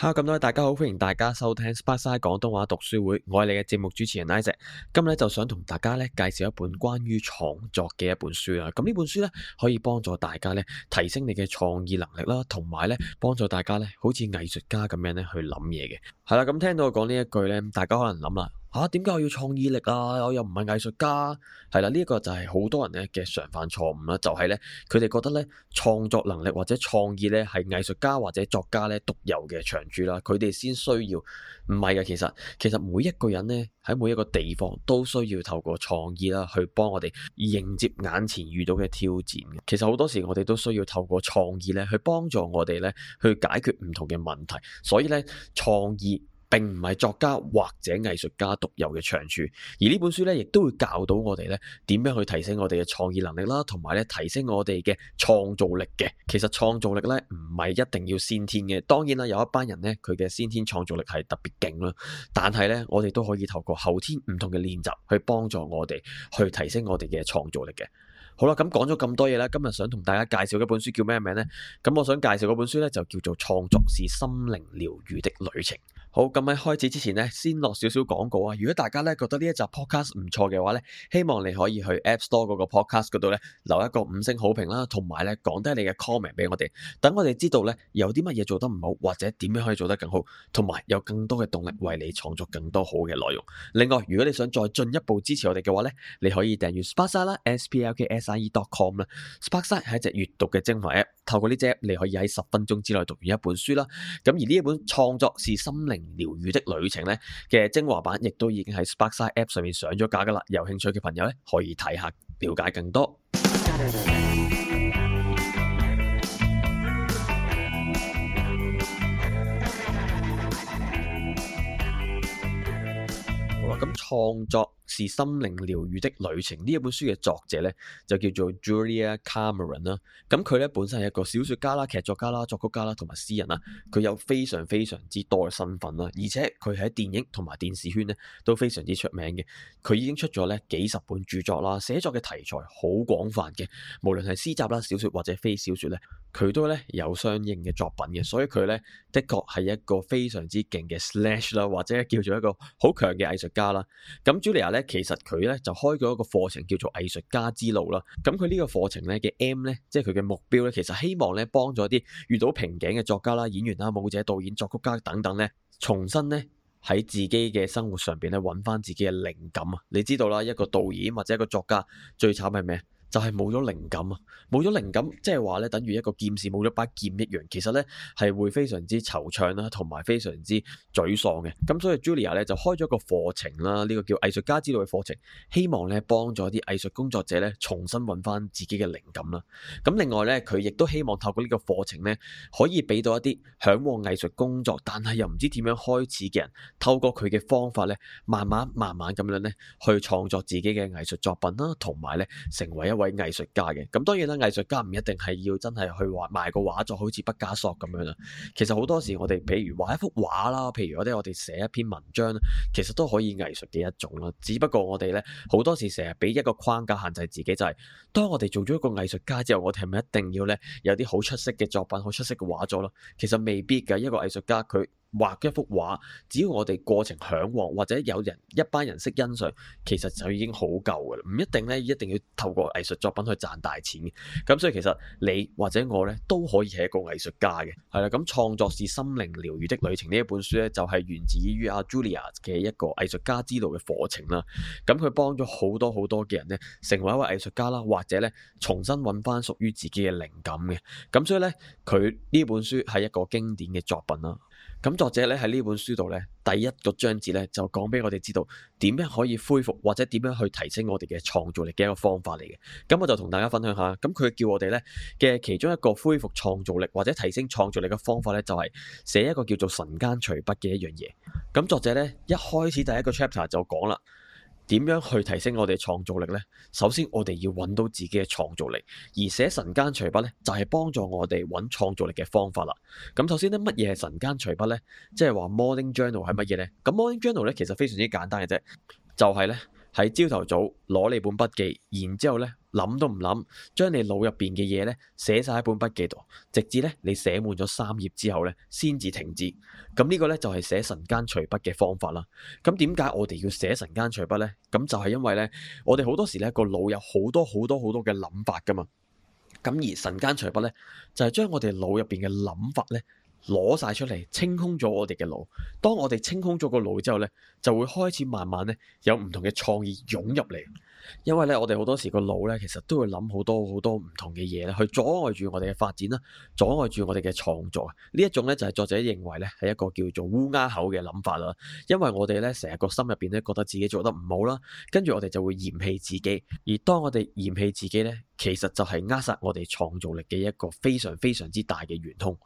h e 咁多位，Hello, 大家好，歡迎大家收聽《不晒廣東話讀書會》，我係你嘅節目主持人 Isaac，今日咧就想同大家介紹一本關於創作嘅一本書啦。咁呢本書咧可以幫助大家提升你嘅創意能力啦，同埋咧幫助大家咧好似藝術家咁樣咧去諗嘢嘅。係啦，咁聽到我講呢一句咧，大家可能諗啦。吓，點解、啊、我要創意力啊？我又唔係藝術家、啊，係啦，呢、這、一個就係好多人嘅常犯錯誤啦。就係、是、咧，佢哋覺得咧，創作能力或者創意咧係藝術家或者作家咧獨有嘅長處啦，佢哋先需要唔係嘅。其實，其實每一個人咧喺每一個地方都需要透過創意啦，去幫我哋迎接眼前遇到嘅挑戰。其實好多時我哋都需要透過創意咧去幫助我哋咧去解決唔同嘅問題。所以咧，創意，並唔係作家或者藝術家獨有嘅長處，而呢本書咧，亦都會教到我哋咧點樣去提升我哋嘅創意能力啦，同埋咧提升我哋嘅創造力嘅。其實創造力咧唔係一定要先天嘅，當然啦，有一班人咧佢嘅先天創造力係特別勁啦，但係咧我哋都可以透過後天唔同嘅練習去幫助我哋去提升我哋嘅創造力嘅。好啦，咁講咗咁多嘢啦，今日想同大家介紹一本書叫咩名呢？咁我想介紹一本書咧就叫做《創作是心靈療愈的旅程》。好，咁喺開始之前呢，先落少少廣告啊！如果大家呢覺得呢一集 podcast 唔錯嘅話呢，希望你可以去 App Store 嗰個 podcast 嗰度呢，留一個五星好評啦，同埋呢講低你嘅 comment 俾我哋，等我哋知道呢，有啲乜嘢做得唔好，或者點樣可以做得更好，同埋有，有更多嘅動力為你創作更多好嘅內容。另外，如果你想再進一步支持我哋嘅話呢，你可以訂閱 Sparkside 啦，s p l k s i e dot com 啦。Sparkside 係一隻閱讀嘅精華 app，透過呢隻 app 你可以喺十分鐘之內讀完一本書啦。咁而呢一本創作是心靈。療愈的旅程呢嘅精華版，亦都已經喺 Sparkside App 上面上咗架噶啦，有興趣嘅朋友呢可以睇下，了解更多。好啦，咁創作。是心靈療癒的旅程呢一本書嘅作者呢，就叫做 Julia Cameron 啦，咁佢呢本身係一個小說家啦、劇作家啦、作曲家啦同埋詩人啦，佢有非常非常之多嘅身份啦，而且佢喺電影同埋電視圈呢都非常之出名嘅，佢已經出咗呢幾十本著作啦，寫作嘅題材好廣泛嘅，無論係詩集啦、小說或者非小說呢，佢都呢有相應嘅作品嘅，所以佢呢的確係一個非常之勁嘅 slash 啦，或者叫做一個好強嘅藝術家啦，咁 Julia 呢。其實佢咧就開咗一個課程，叫做藝術家之路啦。咁佢呢個課程咧嘅 M 咧，即係佢嘅目標咧，其實希望咧幫助啲遇到瓶頸嘅作家啦、演員啦、舞者、導演、作曲家等等咧，重新咧喺自己嘅生活上邊咧搵翻自己嘅靈感啊！你知道啦，一個導演或者一個作家最慘係咩？就係冇咗靈感啊，冇咗靈感，即係話咧，等於一個劍士冇咗把劍一樣，其實咧係會非常之惆悵啦，同埋非常之沮喪嘅。咁所以 Julia 咧就開咗一個課程啦，呢、這個叫藝術家之路嘅課程，希望咧幫助啲藝術工作者咧重新揾翻自己嘅靈感啦。咁另外咧，佢亦都希望透過個課呢個課程咧，可以俾到一啲嚮往藝術工作但係又唔知點樣開始嘅人，透過佢嘅方法咧，慢慢慢慢咁樣咧去創作自己嘅藝術作品啦，同埋咧成為一位藝術家嘅，咁當然啦，藝術家唔一定係要真係去畫埋個畫作，好似畢加索咁樣啦。其實好多時，我哋譬如畫一幅畫啦，譬如或者我哋寫一篇文章，其實都可以藝術嘅一種啦。只不過我哋呢，好多時成日俾一個框架限制自己，就係，就係當我哋做咗一個藝術家之後，我哋係咪一定要呢，有啲好出色嘅作品、好出色嘅畫作咯？其實未必㗎，一個藝術家佢，畫一幅畫，只要我哋過程向往或者有人一班人識欣賞，其實就已經好夠嘅啦。唔一定咧，一定要透過藝術作品去賺大錢嘅。咁所以其實你或者我咧都可以係一個藝術家嘅係啦。咁創作是心靈療癒的旅程呢一本書咧就係源自於阿 Julia 嘅一個藝術家之道嘅課程啦。咁佢幫咗好多好多嘅人咧，成為一位藝術家啦，或者咧重新搵返屬於自己嘅靈感嘅。咁所以咧，佢呢本書係一個經典嘅作品啦。咁作者咧喺呢本書度咧，第一個章節咧就講俾我哋知道點樣可以恢復或者點樣去提升我哋嘅創造力嘅一個方法嚟嘅。咁我就同大家分享下。咁佢叫我哋咧嘅其中一個恢復創造力或者提升創造力嘅方法咧，就係寫一個叫做神間隨筆嘅一樣嘢。咁作者咧一開始第一個 chapter 就講啦。點樣去提升我哋創造力呢？首先，我哋要揾到自己嘅創造力，而寫晨間隨筆呢，就係幫助我哋揾創造力嘅方法啦。咁首先呢，乜嘢係晨間隨筆呢？即係話 morning journal 係乜嘢呢？咁 morning journal 呢，其實非常之簡單嘅啫，就係呢，喺朝頭早攞你本筆記，然之後呢。諗都唔諗，將你腦入邊嘅嘢呢寫晒喺本筆記度，直至咧你寫滿咗三頁之後呢先至停止。咁呢個呢，就係寫神間隨筆嘅方法啦。咁點解我哋要寫神間隨筆呢？咁就係因為呢，我哋好多時呢個腦有好多好多好多嘅諗法噶嘛。咁而神間隨筆呢，就係將我哋腦入邊嘅諗法呢。攞晒出嚟，清空咗我哋嘅腦。當我哋清空咗個腦之後呢，就會開始慢慢咧有唔同嘅創意湧入嚟。因為呢，我哋好多時個腦呢，其實都會諗好多好多唔同嘅嘢咧，去阻礙住我哋嘅發展啦，阻礙住我哋嘅創作。呢一種呢，就係作者認為呢係一個叫做烏鴉口嘅諗法啦。因為我哋呢，成日個心入邊呢，覺得自己做得唔好啦，跟住我哋就會嫌棄自己。而當我哋嫌棄自己呢，其實就係扼殺我哋創造力嘅一個非常非常之大嘅圓通。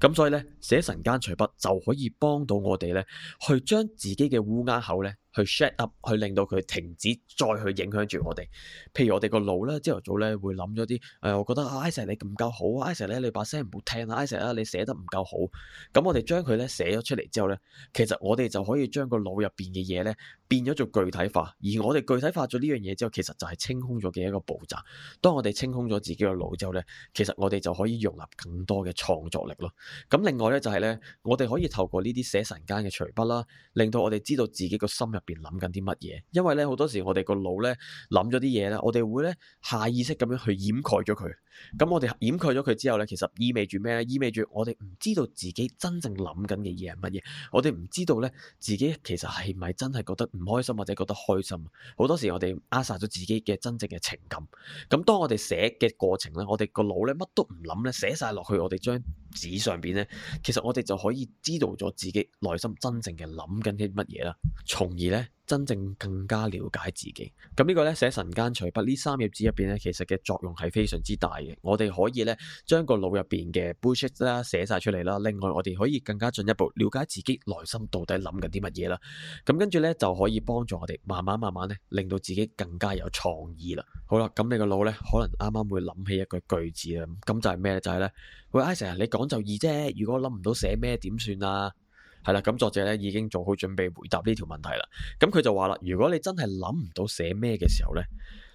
咁所以咧，寫神間隨筆就可以幫到我哋咧，去將自己嘅烏鴉口咧。去 shut up，去令到佢停止再去影響住我哋。譬如我哋個腦咧，朝頭早咧會諗咗啲，誒、呃，我覺得阿 isa 你唔夠好 isa 咧，你把聲唔好聽啊 isa 啊你寫得唔夠好。咁、嗯、我哋將佢咧寫咗出嚟之後咧，其實我哋就可以將個腦入邊嘅嘢咧變咗做具體化。而我哋具體化咗呢樣嘢之後，其實就係清空咗嘅一個步驟。當我哋清空咗自己個腦之後咧，其實我哋就可以容納更多嘅創作力咯。咁、嗯、另外咧就係咧，我哋可以透過呢啲寫神間嘅隨筆啦，令到我哋知道自己個心入。邊諗緊啲乜嘢？因為咧好多時我哋個腦咧諗咗啲嘢咧，我哋會咧下意識咁樣去掩蓋咗佢。咁我哋掩蓋咗佢之後咧，其實意味住咩咧？意味住我哋唔知道自己真正諗緊嘅嘢係乜嘢？我哋唔知道咧自己其實係咪真係覺得唔開心或者覺得開心？好多時我哋扼殺咗自己嘅真正嘅情感。咁當我哋寫嘅過程咧，我哋個腦咧乜都唔諗咧，寫晒落去，我哋將。紙上邊咧，其實我哋就可以知道咗自己內心真正嘅諗緊啲乜嘢啦，從而咧。真正更加了解自己，咁呢個咧寫神間隨筆呢三頁紙入邊咧，其實嘅作用係非常之大嘅。我哋可以咧將個腦入邊嘅 bullshit 啦寫晒出嚟啦。另外，我哋可以更加進一步了解自己內心到底諗緊啲乜嘢啦。咁跟住咧就可以幫助我哋慢慢慢慢咧令到自己更加有創意啦。好啦，咁你個腦咧可能啱啱會諗起一句句，句子啊，咁就係咩咧？就係咧喂，阿 Sir，你講就易啫。如果諗唔到寫咩點算啊？係啦，咁作者咧已經做好準備回答呢條問題啦。咁佢就話啦：如果你真係諗唔到寫咩嘅時候咧，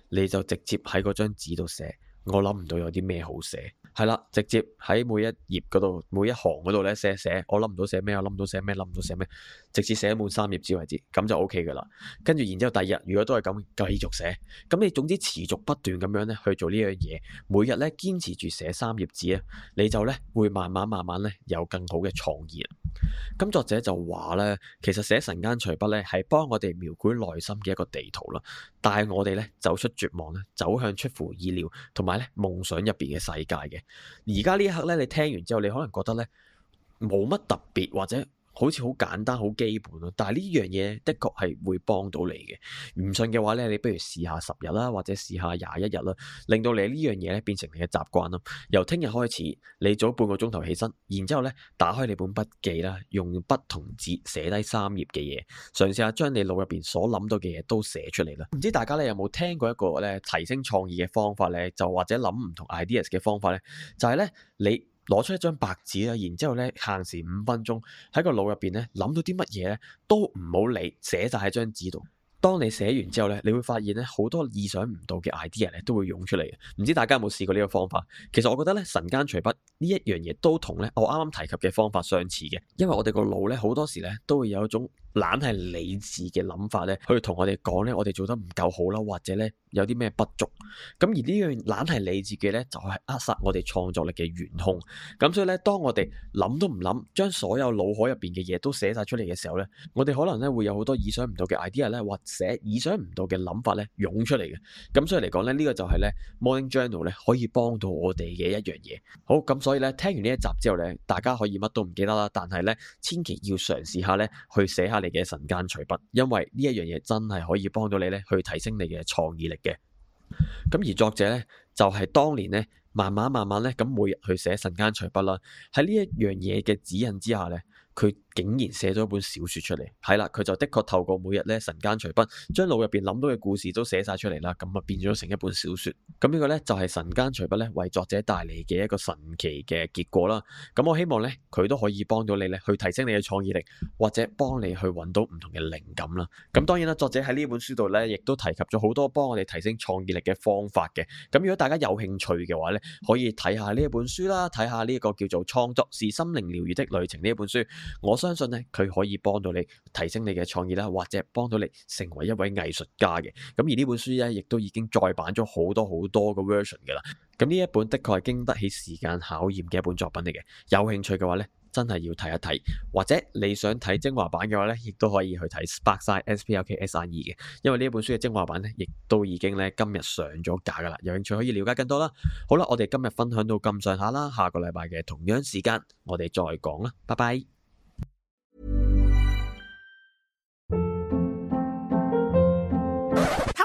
你就直接喺嗰張紙度寫。我諗唔到有啲咩好寫。係啦，直接喺每一頁嗰度，每一行嗰度咧寫寫，我諗唔到寫咩，我諗唔到寫咩，諗唔到寫咩，直至寫滿三頁紙為止，咁就 OK 噶啦。跟住，然之後第二日如果都係咁繼續寫，咁你總之持續不斷咁樣咧去做呢樣嘢，每日咧堅持住寫三頁紙咧，你就咧會慢慢慢慢咧有更好嘅創意。咁作者就話咧，其實寫神間隨筆咧係幫我哋描繪內心嘅一個地圖啦，帶我哋咧走出絕望咧，走向出乎意料同埋咧夢想入邊嘅世界嘅。而家呢一刻咧，你聽完之後，你可能覺得咧，冇乜特別或者。好似好簡單、好基本咯，但係呢樣嘢的確係會幫到你嘅。唔信嘅話咧，你不如試下十日啦，或者試下廿一日啦，令到你呢樣嘢咧，變成你嘅習慣啦。由聽日開始，你早半個鐘頭起身，然之後咧，打開你本筆記啦，用筆同紙寫低三頁嘅嘢，嘗試下將你腦入邊所諗到嘅嘢都寫出嚟啦。唔知大家咧，有冇聽過一個咧提升創意嘅方法咧，就或者諗唔同 ideas 嘅方法咧，就係咧你，攞出一張白紙啦，然之後咧限時五分鐘，喺個腦入邊咧諗到啲乜嘢咧都唔好理，寫晒喺張紙度。當你寫完之後咧，你會發現咧好多意想不到嘅 idea 咧都會湧出嚟嘅。唔知大家有冇試過呢個方法？其實我覺得咧神間隨筆呢一樣嘢都同咧我啱啱提及嘅方法相似嘅，因為我哋個腦咧好多時咧都會有一種。懶係理智嘅諗法咧，去同我哋講咧，我哋做得唔夠好啦，或者咧有啲咩不足。咁而呢樣懶係理智嘅咧，就係扼殺我哋創作力嘅元兇。咁所以咧，當我哋諗都唔諗，將所有腦海入邊嘅嘢都寫晒出嚟嘅時候咧，我哋可能咧會有好多意想唔到嘅 idea 咧，或者意想唔到嘅諗法咧湧出嚟嘅。咁所以嚟講咧，呢個就係咧 morning journal 咧可以幫到我哋嘅一樣嘢。好，咁所以咧聽完呢一集之後咧，大家可以乜都唔記得啦，但係咧千祈要嘗試下咧去寫下嘅神間隨筆，因為呢一樣嘢真係可以幫到你咧，去提升你嘅創意力嘅。咁而作者咧就係、是、當年咧，慢慢慢慢咧咁每日去寫神間隨筆啦。喺呢一樣嘢嘅指引之下咧，佢。竟然寫咗一本小說出嚟，係啦，佢就的確透過每日咧神間隨筆，將腦入邊諗到嘅故事都寫晒出嚟啦，咁啊變咗成一本小說。咁呢個咧就係神間隨筆咧為作者帶嚟嘅一個神奇嘅結果啦。咁我希望咧佢都可以幫到你咧去提升你嘅創意力，或者幫你去揾到唔同嘅靈感啦。咁當然啦，作者喺呢本書度咧亦都提及咗好多幫我哋提升創意力嘅方法嘅。咁如果大家有興趣嘅話咧，可以睇下呢一本書啦，睇下呢一個叫做《創作是心靈療愈的旅程》呢一本書，我。相信咧，佢可以幫到你提升你嘅創意啦，或者幫到你成為一位藝術家嘅。咁而呢本書咧，亦都已經再版咗好多好多個 version 噶啦。咁呢一本的確係經得起時間考驗嘅一本作品嚟嘅。有興趣嘅話咧，真係要睇一睇。或者你想睇精華版嘅話咧，亦都可以去睇 Sparkside S, S P L K S R 二嘅、e。因為呢一本書嘅精華版咧，亦都已經咧今日上咗架噶啦。有興趣可以了解更多啦。好啦，我哋今日分享到咁上下啦，下個禮拜嘅同樣時間我哋再講啦，拜拜。